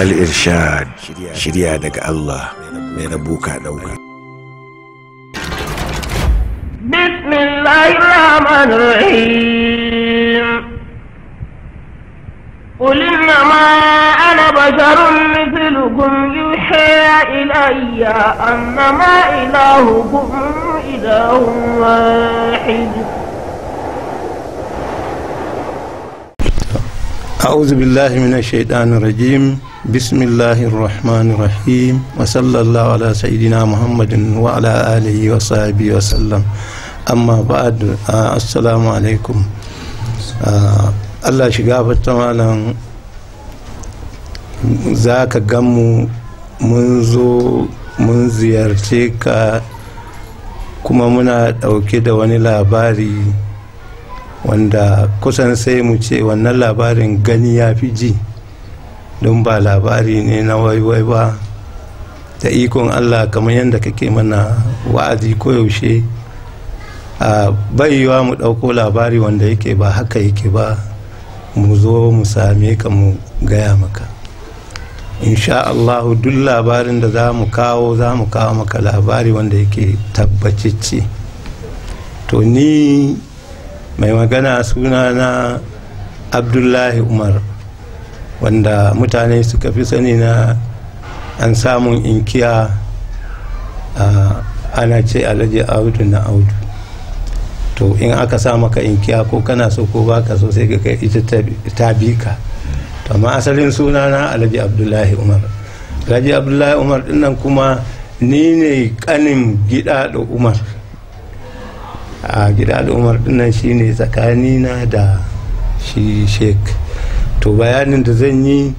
الإرشاد الله من أبوك Allah بسم الله الرحمن الرحيم قل إنما أنا بشر مثلكم يوحى إلي أنما إلهكم إله واحد أعوذ بالله من الشيطان الرجيم بسم الله الرحمن الرحيم وصلى الله على سيدنا محمد وعلى آله وصحبه وسلم Allah shiga fata malam za ka ganmu mun zo mun ziyarce ka kuma muna ɗauke da wani labari wanda kusan sai mu ce wannan labarin gani ya fi ji. don ba labari ne na waiwai ba da ikon allah kamar yadda kake mana wa'azi koyaushe a baiwa mu ɗauko labari wanda yake ba haka yake ba mu zo mu same ka mu gaya maka insha allahu duk labarin da za mu kawo za mu kawo maka labari wanda yake tabbacicci to ni mai magana suna na abdullahi umar wanda mutane suka fi sani na an samun inkiya ana ce alaji audu na audu to in aka sa maka inkiya ko kana so ko baka so sai ga kai ita ta bi ka to amma asalin suna na alhaji abdullahi umar alhaji abdullahi umar dinnan kuma ni ne kanin gida da umar a gida da umar dinnan shine tsakanina da shi sheikh to bayanin da zan yi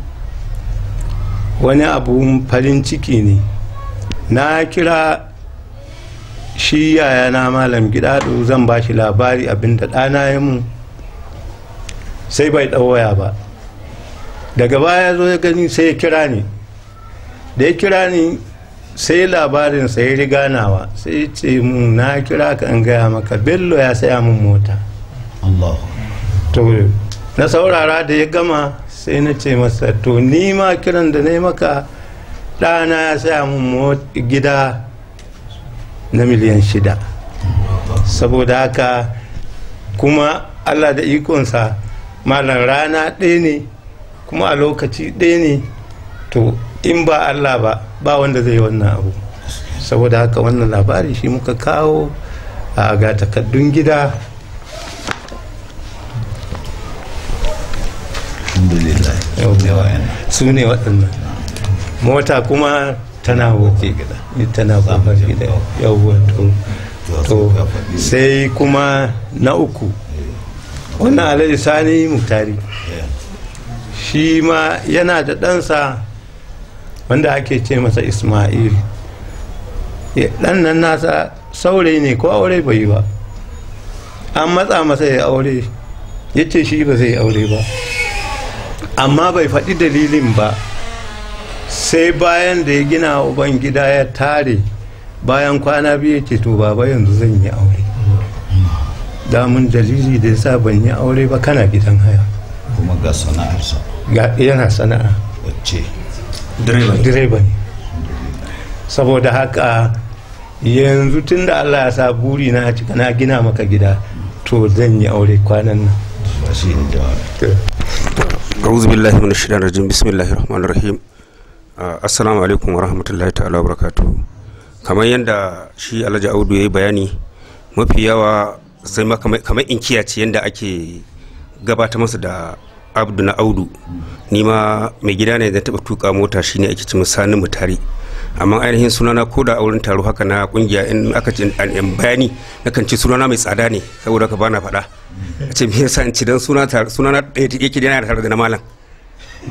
wani abu farin ciki ne na kira shi yayana malam gidado zan ba shi labari abinda ɗana ya mu sai bai ɗawaya ba daga baya zo ya gani sai ya kira ni da ya kira ni sai labarin sai riganawa sai ce mun na kira ka in gaya maka bello ya saya mun mota to na saurara da ya gama sai na ce masa to ni ma kiran da na yi maka ɗana ya saya mun gida na miliyan shida saboda haka kuma allah da ikonsa malam rana ɗaya ne kuma a lokaci ɗaya ne to in ba allah ba ba wanda zai wannan abu saboda haka wannan labari shi muka kawo a ga takaddun gida su waɗannan mota kuma tana wuce gida tana gida to sai kuma na uku wannan alhaji sani mutari shi ma yana da ɗansa wanda ake ce masa ismail ɗan nan nasa saurayi ne ko aure bai yi ba an matsa masa ya aure ya shi ba zai aure ba amma bai faɗi dalilin ba sai bayan da ya gina uban gida ya tare bayan kwana biyu ce to baba yanzu zan yi aure damun dalili da sa ban yi aure ba kana gidan haya kuma ga sana'arsa ga yana sana'a wacce direba ne saboda haka yanzu tun da allah ya sa buri na cika na gina maka gida to zan yi aure kwanan nan a'udhu billahi minash shaitanir rajim bismillahir rahmanir rahim uh, assalamu alaikum wa rahmatullahi ta'ala wa barakatuh kamar yadda shi Alhaji Audu yi bayani mafi yawa sai kamar inkiya ce yadda ake gabata masa da abdu na audu ni ma mai gida ne da taba tuka mota shine ake ci misalin tare. amma ainihin sunana ko da a wurin taro haka na kungiya in aka ci an bayani na kan ci sunana mai tsada ne saboda ka bana faɗa a ce me yasa in ci dan sunana sunana ɗaya yake da yana tare da na malam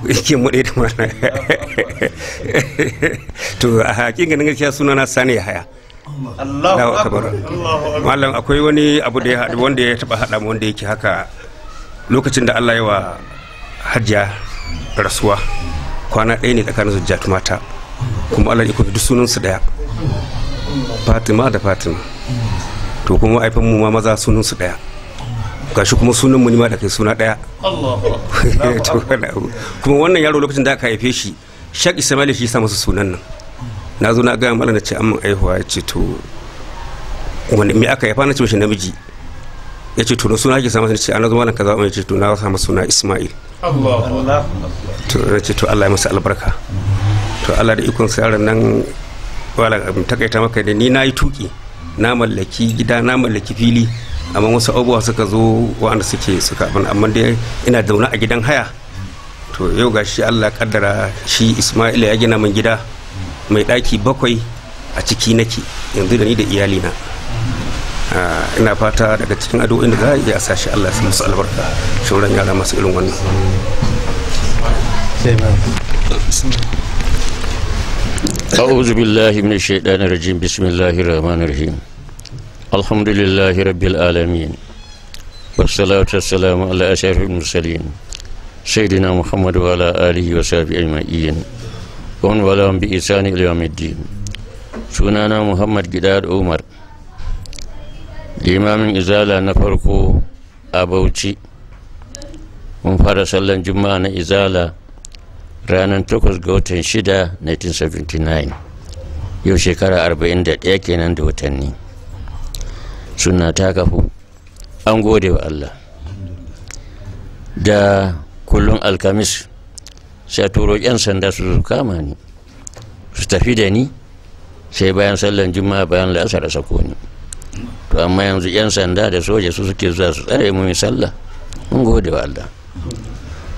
yake mu ɗaya da malam to a hakikanin gaskiya sunana sani ya haya Allahu akbar Malam akwai wani abu da ya haɗu wanda ya taɓa haɗa mu wanda yake haka lokacin da Allah ya wa hajja rasuwa kwana ɗaya ne tsakanin zujjatu mata kuma allah kuma duk sunan su daya fatima da fatima to kuma aifan mu ma maza sunan su daya gashi kuma sunan mu ma da kai suna daya kuma wannan yaro lokacin da aka haife shi shak ismail shi sa masa sunan nan na zo na ga mala na ce an min aihuwa ya ce to wanda me aka haifa na ce mishi namiji ya ce to suna ke samu ce ana zo nan kaza ya ce to na samu suna ismail to na ce to allah ya masa albarka to allah da ikon yaron nan wala takaita maka da ni na yi tuki na mallaki gida na mallaki fili amma wasu abubuwa suka zo wa'anda suke suka abin amma dai ina zaune a gidan haya to yau ga allah kaddara shi Isma'il ya gina min gida mai daki bakwai a ciki nake yanzu da ni da iyali na ah, ina fata daga cikin addu'o'in da za a iya sashi allah ya musu albarka shauran yara masu irin wannan أعوذ بالله من الشيطان الرجيم بسم الله الرحمن الرحيم الحمد لله رب العالمين والصلاة والسلام على أشرف المرسلين سيدنا محمد وعلى آله وصحبه أجمعين ومن والاهم بإحسان إلى يوم الدين سنانا محمد قدار عمر الإمام إزالة نفرقو أبوتي a فرس الله جمعنا إزالة ranar 8 ga watan 6 1979 yau shekara 41 kenan da watanni suna ta kafu an gode wa allah da kullum alkamis sai turo 'yan sanda su kama ni su tafi da ni sai bayan sallan juma'a bayan la'asar a sako ni to amma yanzu 'yan sanda da soja su suke zuwa su tsare mu sallah mun gode wa allah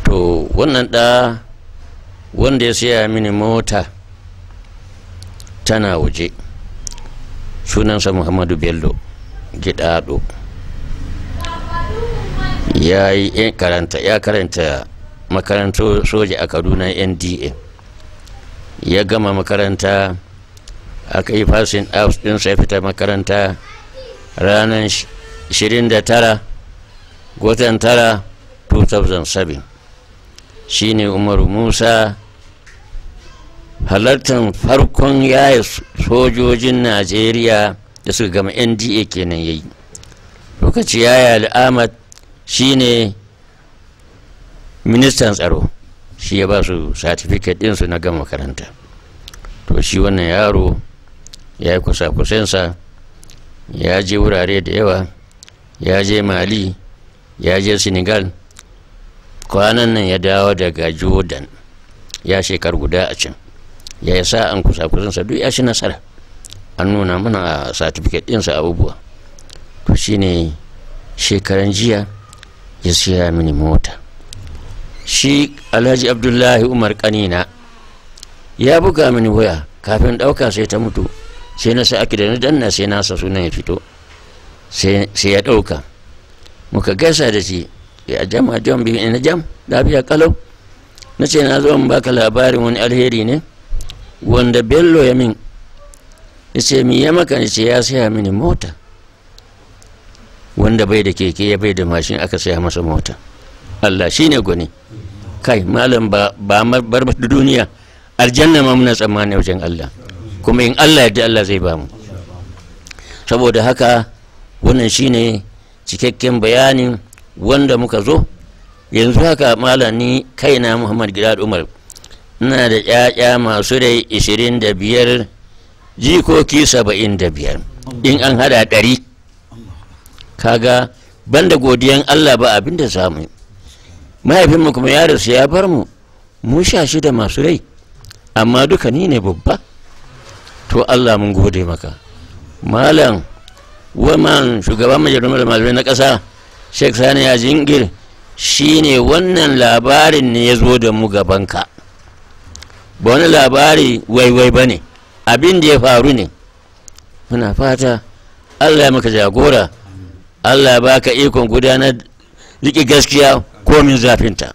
to wannan da wanda ya siya mini mota tana waje sunansa muhammadu bello gidado ya yi karanta ya karanta makaranta soja a kaduna nda ya gama makaranta aka yi fasin din ɗinsa ya fita makaranta ranar 29 watan 9 2007 shine umaru musa halartar farkon yaya sojojin najeriya da suka gama nda kenan yayi lokaci yaya al'amad shine ministan tsaro shi ya ba su certificate ɗinsu na gama makaranta to shi wannan yaro ya yi kusa-kusansa ya je wurare da yawa ya je mali ya je senegal kwanan nan ya dawo daga jordan ya shekar guda a can ya yi sa an kusa kusansa duk ya shi nasara an nuna mana a certificate ɗinsa abubuwa to shine shekaran jiya ya siya mini mota shi alhaji abdullahi umar kanina ya buga mini waya kafin ɗauka sai ta mutu sai na sa da na danna sai nasa sunan ya fito sai ya ɗauka muka gaisa da shi ya jam a jam bi na jam biya kalau na ce na zo in baka labarin wani alheri ne wanda bello ya min ya ce mi ya maka ce ya saya mini mota wanda bai da keke ya bai da mashin aka saya masa mota allah shine gwani kai malam ba bar duniya aljanna ma muna tsammani wajen allah kuma in allah yadda allah zai ba mu saboda haka wannan shine cikakken bayanin wanda muka zo yanzu haka malami kaina muhammad gidad umar ina da ƴaƴa masu rai ishirin da biyar jikoki saba'in da biyar in an hada ɗari kaga banda godiyan allah ba abin da samu mahaifinmu kuma ya rasu ya bar mu mu sha shida masu rai amma duka ni ne babba to allah mun gode maka malam waman shugaban majalisar malamai na ƙasa sheik sani ya jingir shi ne wannan labarin ne ya zo da mu gabanka ba wani labari waiwai ba ne abin da ya faru ne muna fata allah ya maka jagora allah ya baka ikon gudanar riƙe gaskiya komin zafinta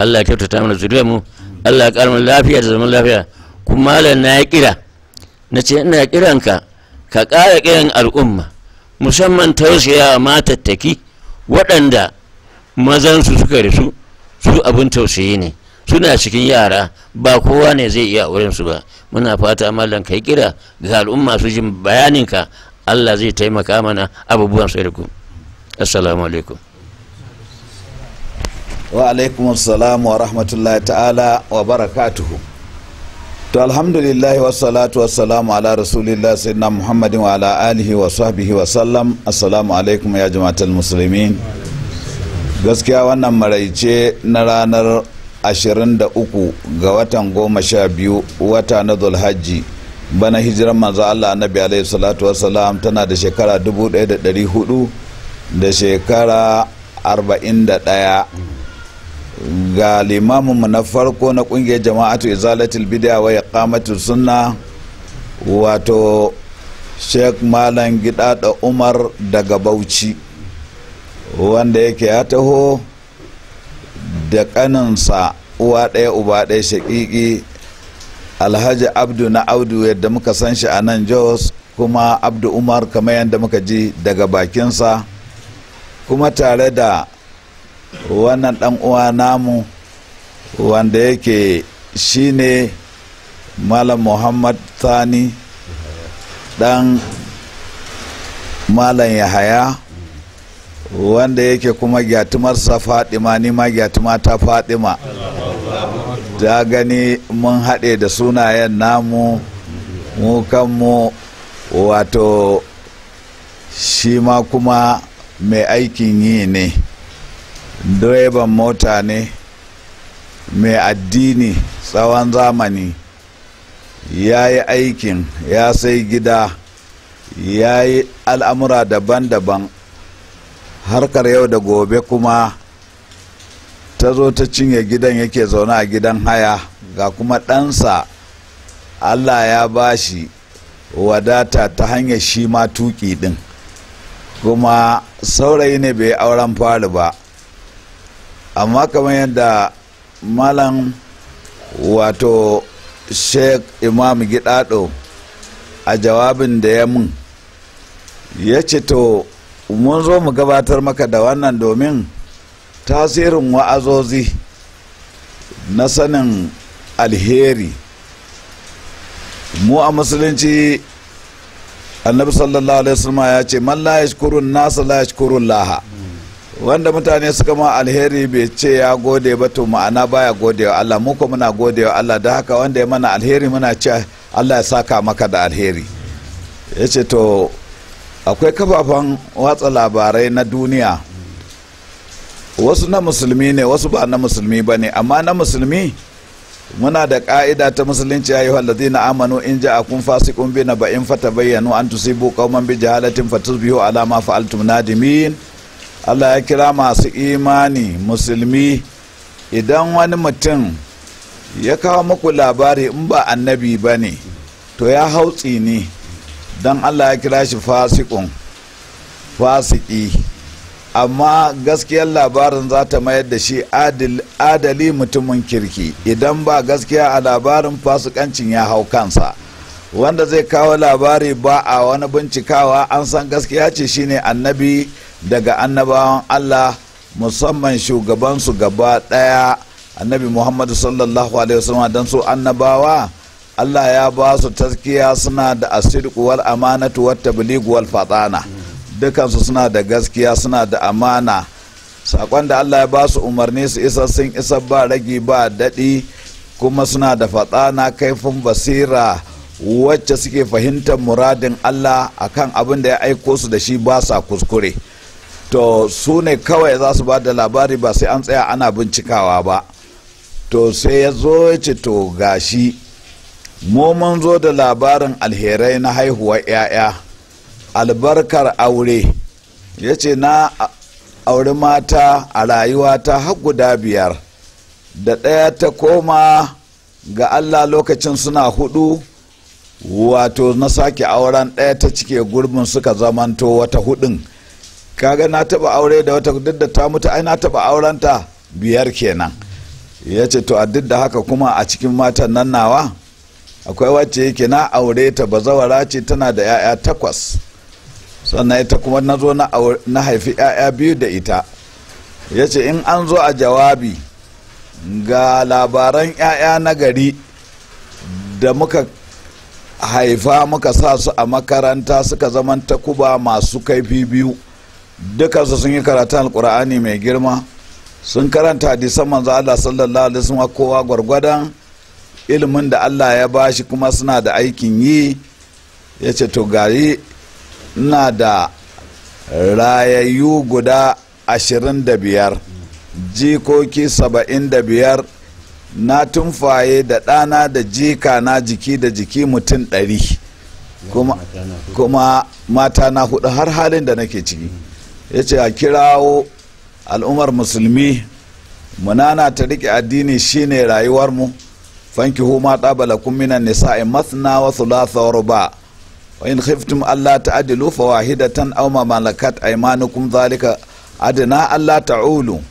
allah ya kyautata mana zuriya mu allah ya ƙarmin lafiya da zaman lafiya kuma malam na ya kira na ce ina kiranka ka ƙara kiran al'umma musamman tausayawa matattaki waɗanda mazansu suka rasu su abin tausayi ne suna cikin yara ba kowa ne zai iya su ba muna fata mallan kai kira ga al'umma su jin bayaninka allah zai taimaka mana abubuwan sai ku assalamu alaikum wa alaikum wa rahmatullahi ta'ala wa barakatuhu to alhamdulillahi wassalatu wassalamu ala rasulillah sayyidina muhammadin wa ala alihi wa sahbihi wa sallam assalamu alaikum ya jama'atul muslimin gaskiya wannan maraice na ranar 23 ga watan 12 wata na zulhajji bana hijiran manzo Allah annabi alaihi salatu wassalam tana da shekara 1400 da shekara 41 ga limaminmu na farko na kungiyar jama'atu izalatul bid'a wa iqamatus sunna wato sheikh malam gida da umar daga bauchi wanda yake ya taho da kaninsa uwa ɗaya uba ɗaya shaƙiƙi alhaji abdu na audu yadda muka san shi a nan jos kuma abdu umar kamar yadda muka ji daga bakinsa kuma tare da wannan dan uwa namu wanda yake shine malam muhammad thani dan malam yahaya wanda yake kuma sa fadima ni ma gyatuma ta fadima Da gani mun haɗe da sunayen namu mu kanmu wato shi ma kuma mai aikin yi ne direban mota ne mai addini tsawon zamani ya yi aikin ya sai gida ya yi al'amura daban-daban harkar yau da gobe kuma ta zo ta cinye gidan yake zaune a gidan haya ga kuma ɗansa allah ya ba shi wadata ta hanyar shi ma tuki ɗin kuma saurayi ne bai auren fari ba amma kamar yadda malam wato sheikh imam gidado a jawabin da ya mun ya ce to mun zo mu gabatar maka da wannan domin tasirin wa'azozi na sanin alheri mu a musulunci annabi sallallahu alaihi wasallam ya ce man la yashkurun nasa la yashkurun laha wanda mutane suka ma alheri bai ce ya gode ba to ma'ana baya gode wa Allah mu ko muna gode wa Allah da haka wanda ya mana alheri muna ce Allah ya saka maka da alheri ya ce to akwai kafafen watsa labarai na duniya wasu na musulmi ne wasu ba na musulmi ba ne amma na musulmi muna da ka'ida ta musulunci ya yi wallazi na amanu in ja akun Fasi, bi na ba'in fata bayyanu an tusibu kauman bi jahalatin fatusbihu ala alama fa'altum nadimin allah ya kira masu imani musulmi idan wani mutum ya kawo muku labari in ba annabi ba ne to ya hautsi ne don allah ya kira shi fasikun fasiki amma gaskiyar labarin za ta mayar da shi adali mutumin kirki idan ba gaskiya a labarin fasikancin ya hau kansa wanda zai kawo labari ba a wani bincikawa an san gaskiya ce shine annabi daga annabawan Allah musamman shugabansu gaba ɗaya annabi Muhammadu sallallahu alaihi wasallam don su annabawa Allah ya ba su taskiya suna da asirku wal amanatu wat tabligu wal fatana dukansu suna da gaskiya suna da amana Saƙon da Allah ya ba su umarni su isa sun isa ba ragi ba daɗi kuma suna da fatsana kaifin basira wacce suke fahimtar muradin Allah akan abin da ya aiko su da shi ba sa kuskure to su ne kawai za su ba da labari ba sai an tsaya ana bincikawa ba to sai ya zo ya ce to gashi mu mun zo da labarin alherai na haihuwar 'ya'ya albarkar aure ya ce na auri mata a rayuwata har guda biyar da ɗaya ta koma ga allah lokacin suna hudu wato na sake auren ɗaya ta cike gurbin suka zamanto wata hudun kaga na taba aure da wata duk da ta mutu ai na taba aurenta biyar kenan ya ce to a duk da haka kuma a cikin matan nan nawa akwai wacce yake na aure ta bazawara ce tana da 'ya'ya takwas sannan ita kuma na zo na haifi 'ya'ya biyu da ita ya ce in an zo a jawabi ga labaran 'ya'ya na gari da muka haifa muka sa su a makaranta suka zaman takuba masu kaifi biyu dukansu sun yi karatun alkur'ani mai girma sun karanta hadisan manzo Allah sallallahu alaihi wasallam kowa gwargwadon ilimin da Allah ya bashi kuma suna da aikin yi ya ce to gari na da rayayyu guda ashirin da biyar jikoki saba'in da biyar na tumfaye da ɗana da jika na jiki da jiki mutum ɗari kuma mata na hudu har halin da nake ciki ya ce a kirawo al'ummar musulmi munana ta rike addini shine rayuwarmu fanki huma ɗabala minan in masna wa thulatha wa ruba wa in khiftum alla ta'dilu wahidatan aw ma malakat aymanukum zalika adna alla ta'ulu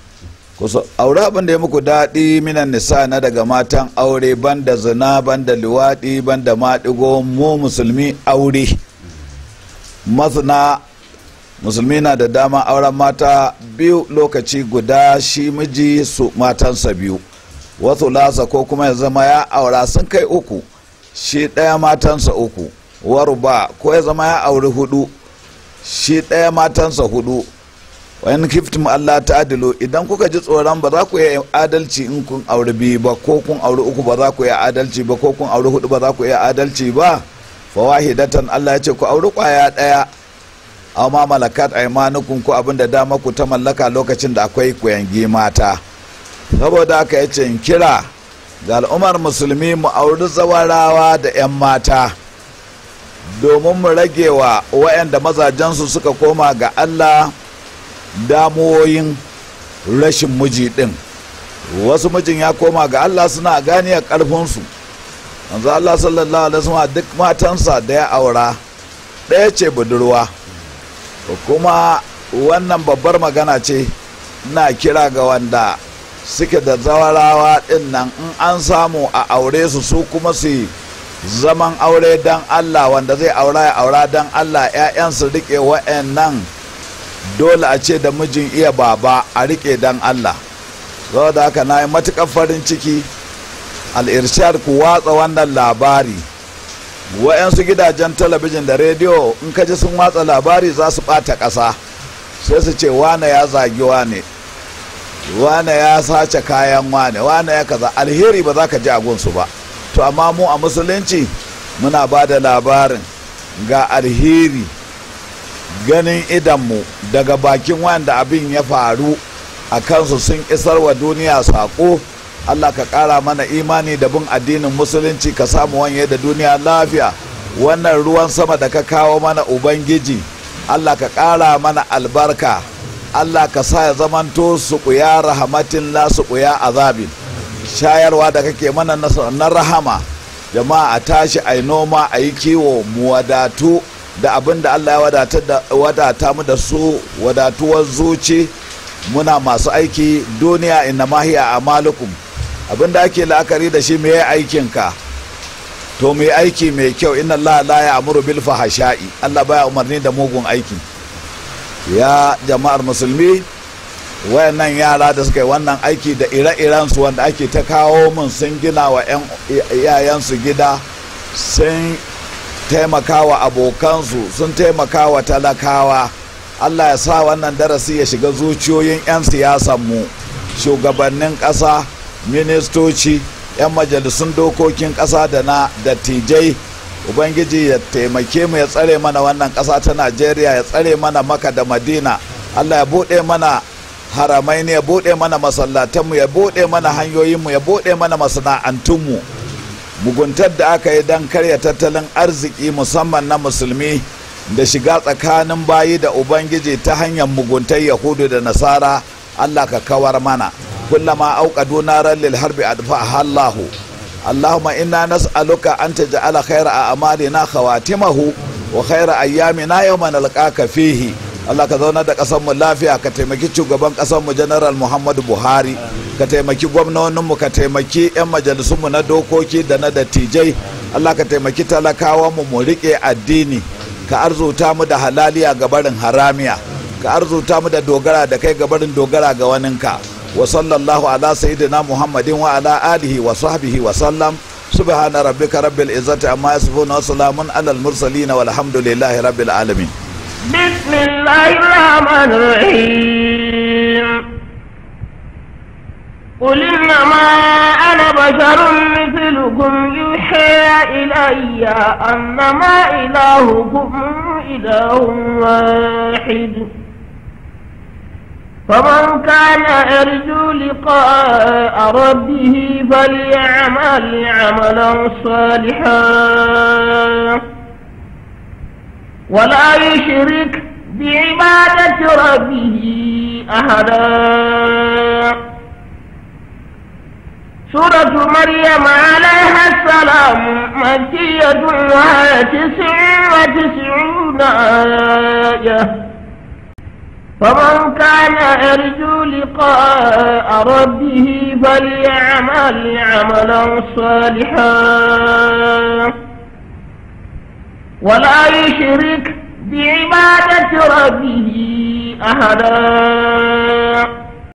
ku aure abin da ya muku daɗi minan nisa na daga matan aure banda zina banda liwaɗi banda maɗigo mu musulmi aure masna musulmi na da dama auren mata biyu lokaci guda shi miji su matansa biyu wasu lasa ko kuma ya zama ya aura sun kai uku shi ɗaya matansa uku ba ko ya zama ya auri hudu shi ɗaya matansa hudu wayan kiftum Allah ta adilu idan kuka ji tsoron ba za ku yi adalci in kun auri biyu ba ko kun auri uku ba za ku yi adalci ba ko kun auri hudu ba za ku yi adalci ba fawahidatan Allah ya ce ku auri kwaya ɗaya Au ma malakat aymanukum ko abin da dama ku ta mallaka lokacin da akwai kuyangi mata saboda aka yace in kira ga al'ummar musulmi mu auri zawarawa da 'yan mata domin mu rage wa waɗanda mazajensu suka koma ga Allah damuwoyin rashin miji ɗin wasu mijin ya koma ga Allah suna gani a ƙarfinsu yanzu Allah sallallahu alaihi wasallam duk matansa da ya aura ɗaya ce budurwa kuma wannan babbar magana ce na kira ga wanda suke da zawarawa din nan in an samu a aure su su kuma su zaman aure don allah wanda zai aura ya aura don allah ya'yan su rike nan dole a ce da mijin iya baba a rike don allah saboda haka na yi matuƙar farin ciki al'irshar ku watsa wannan labari wa'yansu gidajen talabijin da rediyo in ka ji sun watsa labari za su ɓata ƙasa sai su ce wane ya zagi wane wane ya sace kayan wane wane ya kaza alheri ba za ka ji su ba to amma mu a musulunci muna ba da labarin ga alheri ganin idanmu daga bakin wanda abin ya faru a kansu sun isar wa duniya saƙo Allah ka ƙara mana imani da bin addinin musulunci ka samu wanye da duniya lafiya wannan ruwan sama da ka kawo mana ubangiji Allah ka ƙara mana albarka Allah ka sa ya zamanto su ƙuya rahamatin la su ƙuya azabin shayarwa da kake mana na rahama jama'a a tashi a yi noma a yi kiwo mu wadatu da abin da Allah ya wadata mu da su wadatuwar zuci muna masu aiki duniya inna mahiya a malukum Abin da ake la'akari da shi me aikinka to mai aiki mai kyau inna Allah la amuru bil fahasha'i Allah baya umarni da mugun aiki ya jama'ar musulmi wayannan yara da suka yi wannan aiki da ire-iren su wanda ake ta kawo min sun gina wa su gida sun taimaka wa abokansu sun taimaka wa talakawa Allah ya sa wannan darasi ya shiga zuciyoyin 'yan mu shugabannin ƙasa ministoci 'yan majalisun dokokin ƙasa da na dattijai ubangiji ya taimake mu ya tsare mana wannan ƙasa ta najeriya ya tsare mana maka da madina allah ya buɗe mana haramai ne ya buɗe mana masallatanmu ya buɗe mana hanyoyinmu ya buɗe mana masana'antunmu muguntar da aka yi don karya tattalin arziki musamman na musulmi da shiga tsakanin bayi da ubangiji ta hanyar muguntar yahudu da nasara allah ka kawar mana كلما أوقدوا نارا للحرب أدفعها الله اللهم إنا نسألك أن تجعل خير أعمالنا خواتمه وخير أيامنا يوم نلقاك فيه Allah ka zauna da mu lafiya ka taimaki shugaban mu General Muhammadu Buhari ka taimaki gwamnoninmu ka taimaki 'yan majalisunmu na dokoki da na dattijai Allah ka taimaki talakawanmu mu riƙe addini ka arzuta mu da halaliya ga barin haramiya ka arzuta mu da dogara da kai ga barin dogara ga waninka. wa sallallahu ala sayyidina muhammadin wa ala alihi wa sahbihi wa sallam subhana rabbika rabbil izzati amma yasifun wa salamun ala al mursalin walhamdulillahi rabbil alamin rahim قل إنما أنا بشر مثلكم يوحى إلي أنما إلهكم إله واحد فمن كان يرجو لقاء ربه فليعمل عملا صالحا ولا يشرك بعبادة ربه أهلا سورة مريم عليها السلام مكية وتسع تسع وتسعون آية فمن كان يرجو لقاء ربه فليعمل عملا صالحا ولا يشرك بعبادة ربه أهداً